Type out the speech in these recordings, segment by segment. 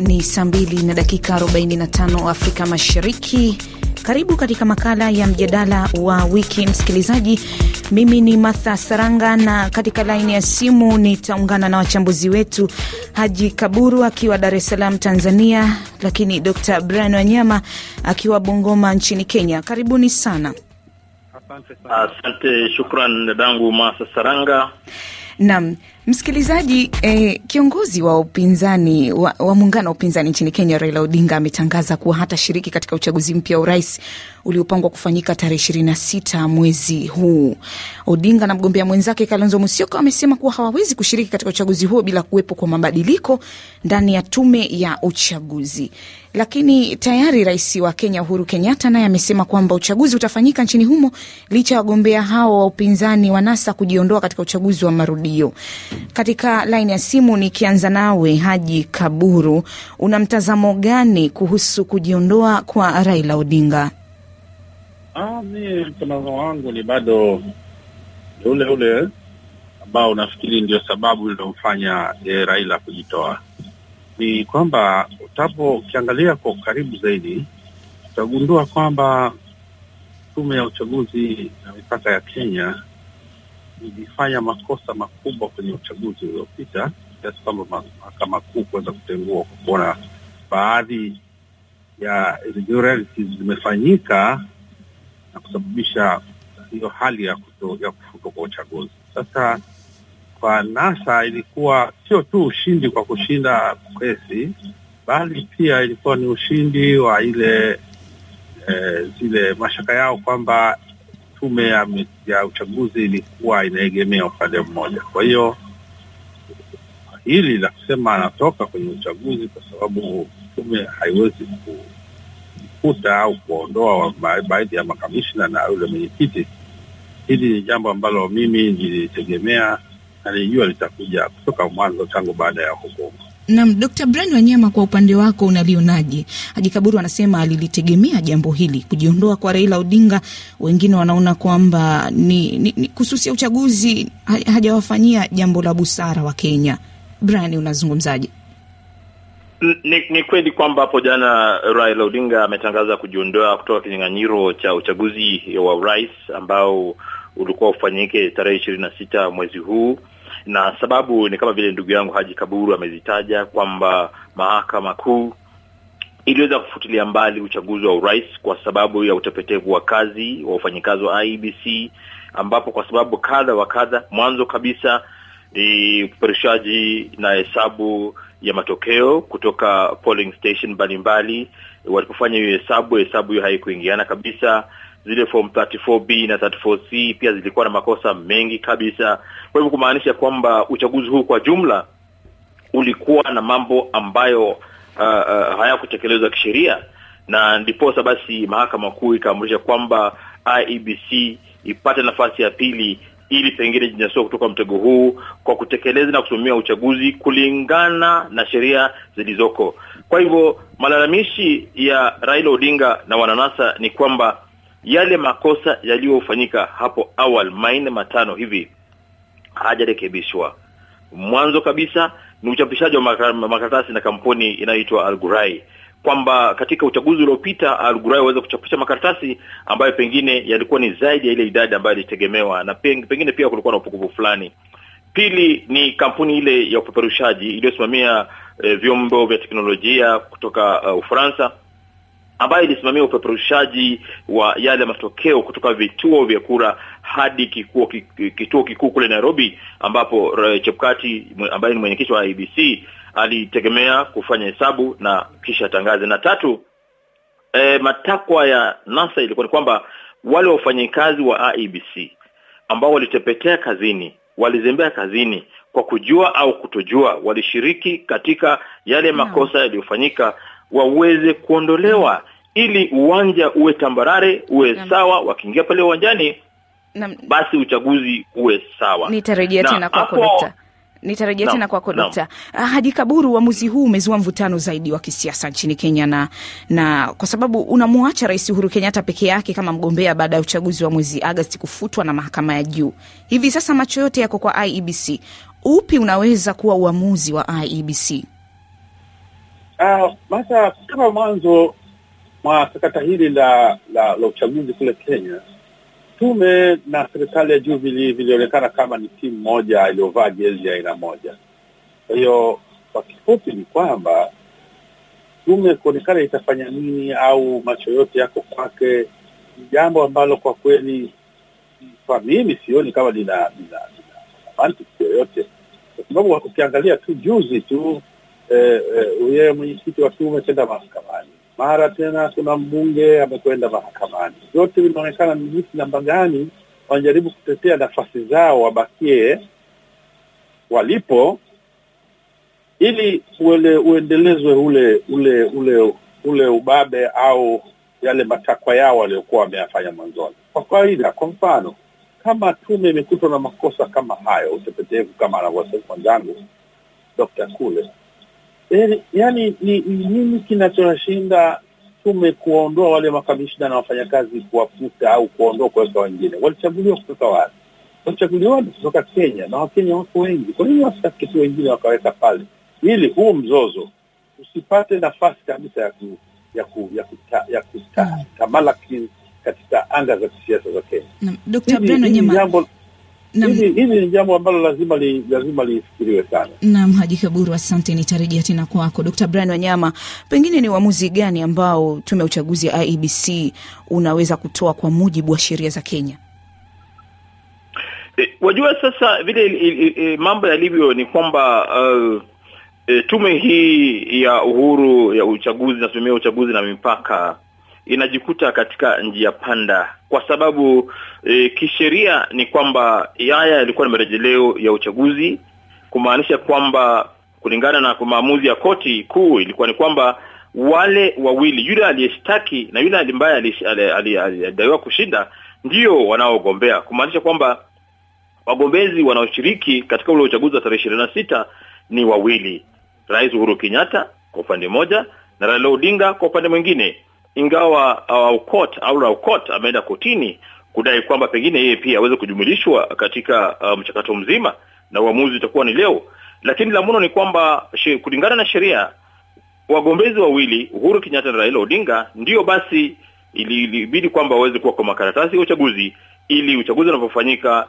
Ni saa b na dakika 45 Afrika Mashariki. Karibu katika makala ya mjadala wa wiki, msikilizaji. Mimi ni Martha Saranga na katika laini ya simu nitaungana na wachambuzi wetu Haji Kaburu akiwa Dar es Salaam, Tanzania, lakini Dr Brian Wanyama akiwa Bungoma nchini Kenya. Karibuni sana. Asante, shukran dadangu Martha Saranga. Naam. Msikilizaji eh, kiongozi wa upinzani wa, wa muungano wa upinzani nchini Kenya Raila Odinga ametangaza kuwa hata shiriki katika uchaguzi mpya wa urais uliopangwa kufanyika tarehe ishirini na sita mwezi huu. Odinga na mgombea mwenzake Kalonzo Musyoka wamesema kuwa hawawezi kushiriki katika uchaguzi huo bila kuwepo kwa mabadiliko ndani ya tume ya uchaguzi. Lakini tayari rais wa Kenya Uhuru Kenyatta naye amesema kwamba uchaguzi utafanyika nchini humo licha ya wagombea hao wa upinzani wa NASA kujiondoa katika uchaguzi wa marudio. Katika laini ya simu nikianza nawe, Haji Kaburu, una mtazamo gani kuhusu kujiondoa kwa Raila Odinga? Ah, mi mtazamo wangu ni bado ule ule ambao nafikiri ndio sababu iliyomfanya e, Raila kujitoa ni kwamba utapo ukiangalia kwa ukaribu zaidi utagundua kwamba tume ya uchaguzi na mipaka ya Kenya ilifanya makosa makubwa kwenye uchaguzi uliopita kiasi kwamba mahakama kuu kuweza kutengua kwa kuona baadhi ya irregularities zimefanyika na kusababisha hiyo hali ya, kufuto ya kufutwa kwa uchaguzi. Sasa kwa NASA ilikuwa sio tu ushindi kwa kushinda kesi, bali pia ilikuwa ni ushindi wa ile eh, zile mashaka yao kwamba tume ya, ya uchaguzi ilikuwa inaegemea upande mmoja. Kwa hiyo hili la kusema anatoka kwenye uchaguzi kwa sababu tume haiwezi kukuta au kuondoa baadhi ya makamishna na yule mwenyekiti, hili ni jambo ambalo mimi nilitegemea na nilijua litakuja kutoka mwanzo tangu baada ya hukumu Naam, Dkt. Brian Wanyama, kwa upande wako unalionaje? Haji Kaburu anasema alilitegemea jambo hili kujiondoa kwa Raila Odinga. Wengine wanaona kwamba ni, ni, ni kususia uchaguzi, hajawafanyia jambo la busara wa Kenya. Brian, unazungumzaje? Ni, ni kweli kwamba hapo jana Raila Odinga ametangaza kujiondoa kutoka kinyang'anyiro cha uchaguzi wa urais ambao ulikuwa ufanyike tarehe ishirini na sita mwezi huu na sababu ni kama vile ndugu yangu Haji Kaburu amezitaja kwamba mahakama kuu iliweza kufutilia mbali uchaguzi wa urais kwa sababu ya utepetevu wa kazi wa wafanyikazi wa IBC, e ambapo kwa sababu kadha wa kadha, mwanzo kabisa ni upeperushaji na hesabu ya matokeo kutoka polling station mbalimbali. Walipofanya hiyo hesabu, hesabu hiyo haikuingiana kabisa zile form 34B na 34C pia zilikuwa na makosa mengi kabisa. Kwa hivyo kumaanisha kwamba uchaguzi huu kwa jumla ulikuwa na mambo ambayo uh, uh, hayakutekelezwa kisheria, na ndiposa basi mahakama kuu ikaamrisha kwamba IEBC ipate nafasi ya pili ili pengine jinasua kutoka mtego huu kwa kutekeleza na kusimamia uchaguzi kulingana na sheria zilizoko. Kwa hivyo malalamishi ya Raila Odinga na wananasa ni kwamba yale makosa yaliyofanyika hapo awali maine matano hivi hajarekebishwa. Mwanzo kabisa ni uchapishaji wa makaratasi na kampuni inayoitwa Algurai kwamba katika uchaguzi uliopita Algurai waweza kuchapisha makaratasi ambayo pengine yalikuwa ni zaidi ya ile idadi ambayo ilitegemewa, na pengine pia kulikuwa na upungufu fulani. Pili ni kampuni ile ya upeperushaji iliyosimamia eh, vyombo vya teknolojia kutoka uh, Ufaransa ambayo ilisimamia upeperushaji wa yale matokeo kutoka vituo vya kura hadi kikuo, kituo kikuu kule Nairobi, ambapo Chepkati ambaye ni mwenyekiti wa IBC alitegemea kufanya hesabu na kisha tangaze. Na tatu, e, matakwa ya NASA ilikuwa ni kwamba wale wafanyikazi wa IBC ambao walitepetea kazini, walizembea kazini kwa kujua au kutojua, walishiriki katika yale makosa yaliyofanyika waweze kuondolewa ili uwanja uwe tambarare uwe Nam. sawa wakiingia pale uwanjani basi uchaguzi uwe sawa nitarejea tena kwako dokta nitarejea tena kwako dokta ah, hadi kaburu uamuzi huu umezua mvutano zaidi wa kisiasa nchini kenya na, na kwa sababu unamwacha rais uhuru kenyatta peke yake kama mgombea baada ya uchaguzi wa mwezi agasti kufutwa na mahakama ya juu hivi sasa macho yote yako kwa iebc upi unaweza kuwa uamuzi wa iebc uh, ah, masa kama mwanzo mwa sakata hili la la, la uchaguzi kule Kenya, tume na serikali ya juu vilionekana kama ni timu moja iliyovaa jezi ya aina moja. Kwa hiyo kwa kifupi ni kwamba tume kuonekana itafanya nini au macho yote yako kwake, ni jambo ambalo kwa kweli kwa mimi sioni kama lina lina mantiki yoyote, kwa sababu ukiangalia tu juzi tu eh, eh, mwenyekiti wa tume tenda mahakamani mara tena kuna mbunge amekwenda mahakamani. Vyote vinaonekana ni jinsi namba gani wanajaribu kutetea nafasi zao wabakie walipo, ili uele, uendelezwe ule ule ule ule ubabe au yale matakwa yao waliokuwa wameyafanya mwanzoni. Kwa kawaida, kwa mfano, kama tume imekutwa na makosa kama hayo, utepetevu kama anavyosema mwenzangu Dokta Kule, yani, ni, ni nini kinachoshinda tume kuwaondoa wale makamishna na wafanyakazi kuwafuta au kuwaondoa kuweka wengine? Walichaguliwa kutoka wapi? Walichaguliwa watu kutoka Kenya na Wakenya wako wengi. Kwa nini wasitafute tu wengine wakaweka pale, ili huu mzozo usipate nafasi kabisa ya ku, ya ku, ya kuta, ya mm. katika anga za kisiasa za Kenya? Breno Nyema Hili ni jambo ambalo lazima li, lazima lifikiriwe sana. Naam, Haji Kaburu, asante. Nitarejea tena kwako Dkt. Brian Wanyama, pengine ni uamuzi gani ambao tume ya uchaguzi ya IEBC unaweza kutoa kwa mujibu wa sheria za Kenya? E, wajua sasa vile e, e, mambo yalivyo ni kwamba uh, e, tume hii ya uhuru ya uchaguzi na tume ya uchaguzi na mipaka inajikuta katika njia panda kwa sababu e, kisheria ni kwamba yaya yalikuwa ni marejeleo ya uchaguzi, kumaanisha kwamba kulingana na maamuzi ya koti kuu ilikuwa ni kwamba wale wawili, yule aliyeshtaki na yule ambaye alidaiwa kushinda, ndio wanaogombea, kumaanisha kwamba wagombezi wanaoshiriki katika ule uchaguzi wa tarehe ishirini na sita ni wawili, Rais Uhuru Kenyatta kwa upande mmoja na Raila Odinga kwa upande mwingine ingawa uh, Aukot au Raukot ameenda kotini kudai kwamba pengine yeye pia aweze kujumulishwa katika uh, mchakato um, mzima na uamuzi utakuwa ni leo, lakini la muno ni kwamba kulingana na sheria wagombezi wawili Uhuru Kenyatta na Raila Odinga ndio basi ilibidi kwamba waweze kuwa kwa makaratasi ya uchaguzi ili uchaguzi unavyofanyika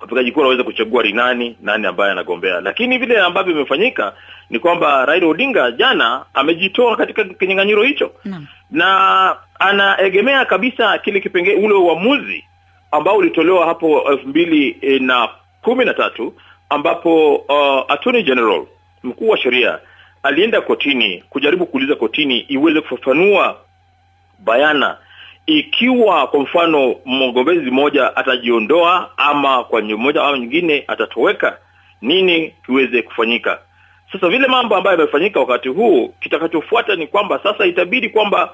wapigaji kura waweze kuchagua ni nani nani ambaye anagombea. Lakini vile ambavyo imefanyika ni kwamba Raila Odinga jana amejitoa katika kinyang'anyiro hicho na, na anaegemea kabisa kile kipengee ule uamuzi ambao ulitolewa hapo elfu mbili eh, na kumi na tatu ambapo uh, Attorney General mkuu wa sheria alienda kotini kujaribu kuuliza kotini iweze kufafanua bayana ikiwa kwa mfano mgombezi mmoja atajiondoa ama kwa njia moja au nyingine atatoweka nini kiweze kufanyika sasa vile mambo ambayo yamefanyika wakati huu kitakachofuata ni kwamba sasa itabidi kwamba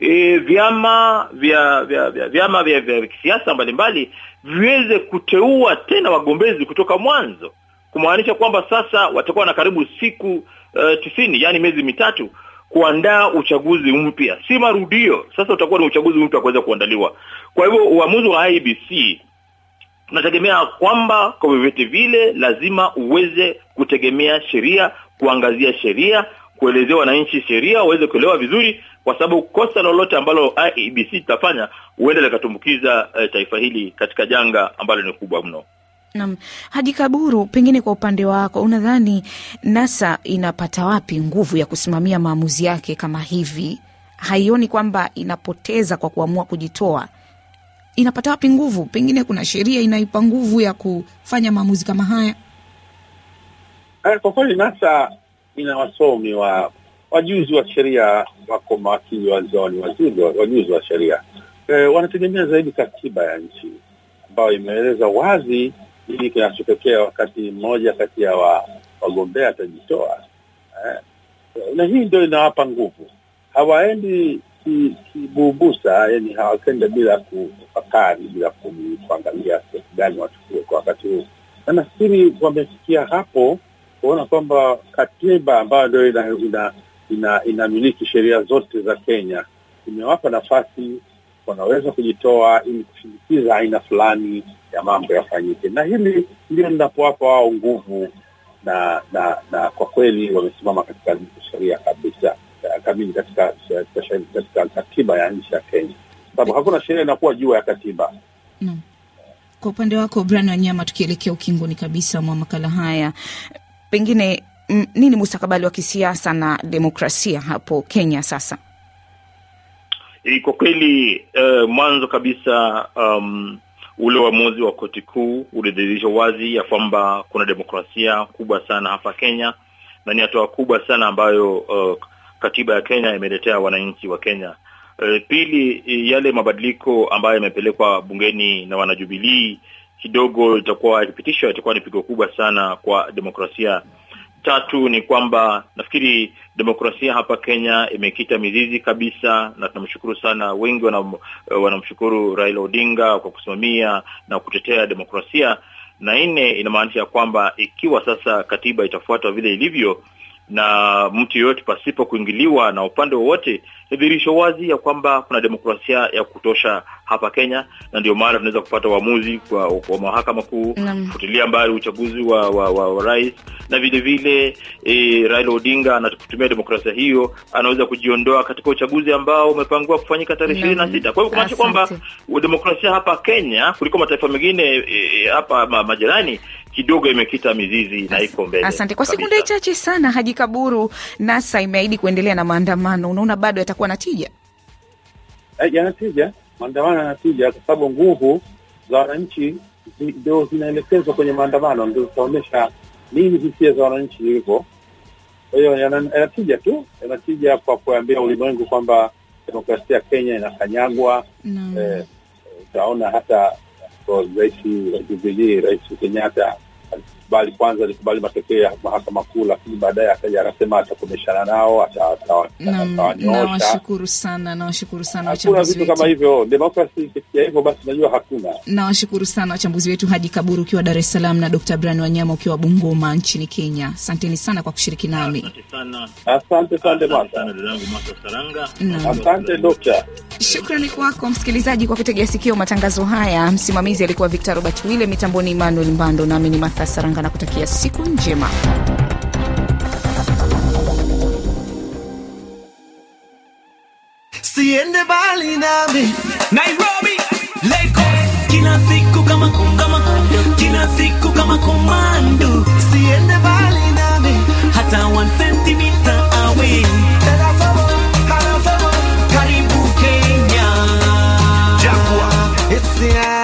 e, vyama vya vya vya vyama vya, vya, vya kisiasa mbalimbali viweze kuteua tena wagombezi kutoka mwanzo kumaanisha kwamba sasa watakuwa na karibu siku uh, tisini yani miezi mitatu kuandaa uchaguzi mpya, si marudio. Sasa utakuwa ni uchaguzi mpya kuweza kuandaliwa. Kwa hivyo uamuzi wa IBC tunategemea kwamba kwa vyovyote vile lazima uweze kutegemea sheria, kuangazia sheria, kuelezea wananchi sheria waweze kuelewa vizuri, kwa sababu kosa lolote ambalo ibc litafanya huenda likatumbukiza e, taifa hili katika janga ambalo ni kubwa mno. Nam Haji Kaburu, pengine kwa upande wako unadhani NASA inapata wapi nguvu ya kusimamia maamuzi yake kama hivi? Haioni kwamba inapoteza kwa kuamua kujitoa? Inapata wapi nguvu? Pengine kuna sheria inaipa nguvu ya kufanya maamuzi kama haya? Eh, kwa kweli NASA ina wasomi wa wajuzi wa sheria, wako mawakili wazoni wazuri, wajuzi wa sheria e, wanategemea zaidi katiba ya nchi ambayo imeeleza wazi hili kinachotokea wakati mmoja kati ya wa, wagombea atajitoa eh, na hii ndio inawapa nguvu hawaendi kibubusa ki yani hawakenda bila kufakari bila kuangalia sehemu gani wachukue kwa wakati huu na nafikiri wamefikia hapo kuona kwamba katiba ambayo ndio ina, ina, ina, inamiliki sheria zote za kenya imewapa nafasi wanaweza kujitoa ili kushinikiza aina fulani ya mambo yafanyike, na hili ndio linapowapa wao nguvu na na na kwa kweli wamesimama katika sheria kabisa eh, kamili katika eh, katika katiba ya nchi ya Kenya, sababu hakuna sheria inakuwa juu ya katiba mm. Kwa upande wako Brian Wanyama, tukielekea ukingoni kabisa mwa makala haya, pengine nini mustakabali wa kisiasa na demokrasia hapo Kenya sasa? E, kwa kweli uh, mwanzo kabisa um, ule uamuzi wa koti kuu ulidhihirisha wazi ya kwamba kuna demokrasia kubwa sana hapa Kenya na ni hatua kubwa sana ambayo uh, katiba ya Kenya imeletea wananchi wa Kenya. Uh, pili, yale mabadiliko ambayo yamepelekwa bungeni na wanajubilii kidogo itakuwa yakipitishwa, itakuwa ni pigo kubwa sana kwa demokrasia Tatu ni kwamba nafikiri demokrasia hapa Kenya imekita mizizi kabisa, na tunamshukuru sana, wengi wanamshukuru wana Raila Odinga kwa kusimamia na kutetea demokrasia. Na nne inamaanisha kwamba ikiwa sasa katiba itafuatwa vile ilivyo na mtu yoyote pasipo kuingiliwa na upande wowote, ni dhirisho wazi ya kwamba kuna demokrasia ya kutosha hapa Kenya, na ndio maana tunaweza kupata uamuzi kwa, kwa mahakama kuu kufutilia mbali uchaguzi wa, wa, wa, wa rais na vilevile e, Raila Odinga anakutumia demokrasia hiyo, anaweza kujiondoa katika uchaguzi ambao umepangiwa kufanyika tarehe ishirini na sita. Kwa hivyo kumaanisha kwamba demokrasia hapa Kenya kuliko mataifa mengine e, e hapa ma, majirani kidogo imekita mizizi na iko mbele. Asante kwa sekunde chache sana. Haji Kaburu, NASA imeahidi kuendelea na maandamano, unaona bado yatakuwa na tija? Eh, yanatija maandamano yanatija, kwa sababu nguvu za wananchi ndio zinaelekezwa kwenye maandamano, ndio zitaonyesha nini hisia za wananchi zilivyo. Kwa hiyo yanatija tu, yanatija kwa kuambia ulimwengu kwamba demokrasia ya Kenya inakanyagwa. Eh, utaona no. eh, hata rais wa Jubilii, Rais Kenyatta alikubali kwanza, alikubali matokeo ya mahakama kuu, lakini baadaye akaja akasema atakomeshana nao, atawanyoosha. Nawashukuru sana, nawashukuru sana wachambuzi wetu. kama hivyo, demokrasi ikifikia hivyo, basi najua hakuna. Nawashukuru sana wachambuzi wetu, Haji Kaburu ukiwa Dar es Salaam na Dr. Brian Wanyama ukiwa Bungoma nchini Kenya. Asanteni sana kwa kushiriki nami. Asante sana Asante Dokta. Shukrani kwako msikilizaji kwa kutegea sikio matangazo haya. Msimamizi alikuwa Victor Robert Wile, mitamboni Emmanuel Mbando, nami ni Matha Saranga kujiunga na kutakia siku njema. Siende bali nami Nairobi, kila siku kama kama, kila siku kama komando. Siende bali nami hata away. Karibu Kenya, it's the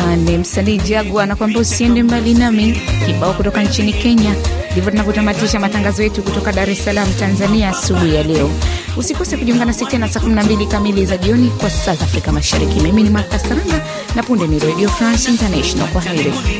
Asante msanii Jagwa anakuambia usiende mbali nami, kibao kutoka nchini Kenya. Ndivyo tunavyotamatisha matangazo yetu kutoka Dar es Salaam, Tanzania, asubuhi ya leo. Usikose kujiunga nasi tena saa 12 kamili za jioni kwa saa za Afrika Mashariki. Mimi ni Martha Saranga na punde ni Radio France International. Kwa heri.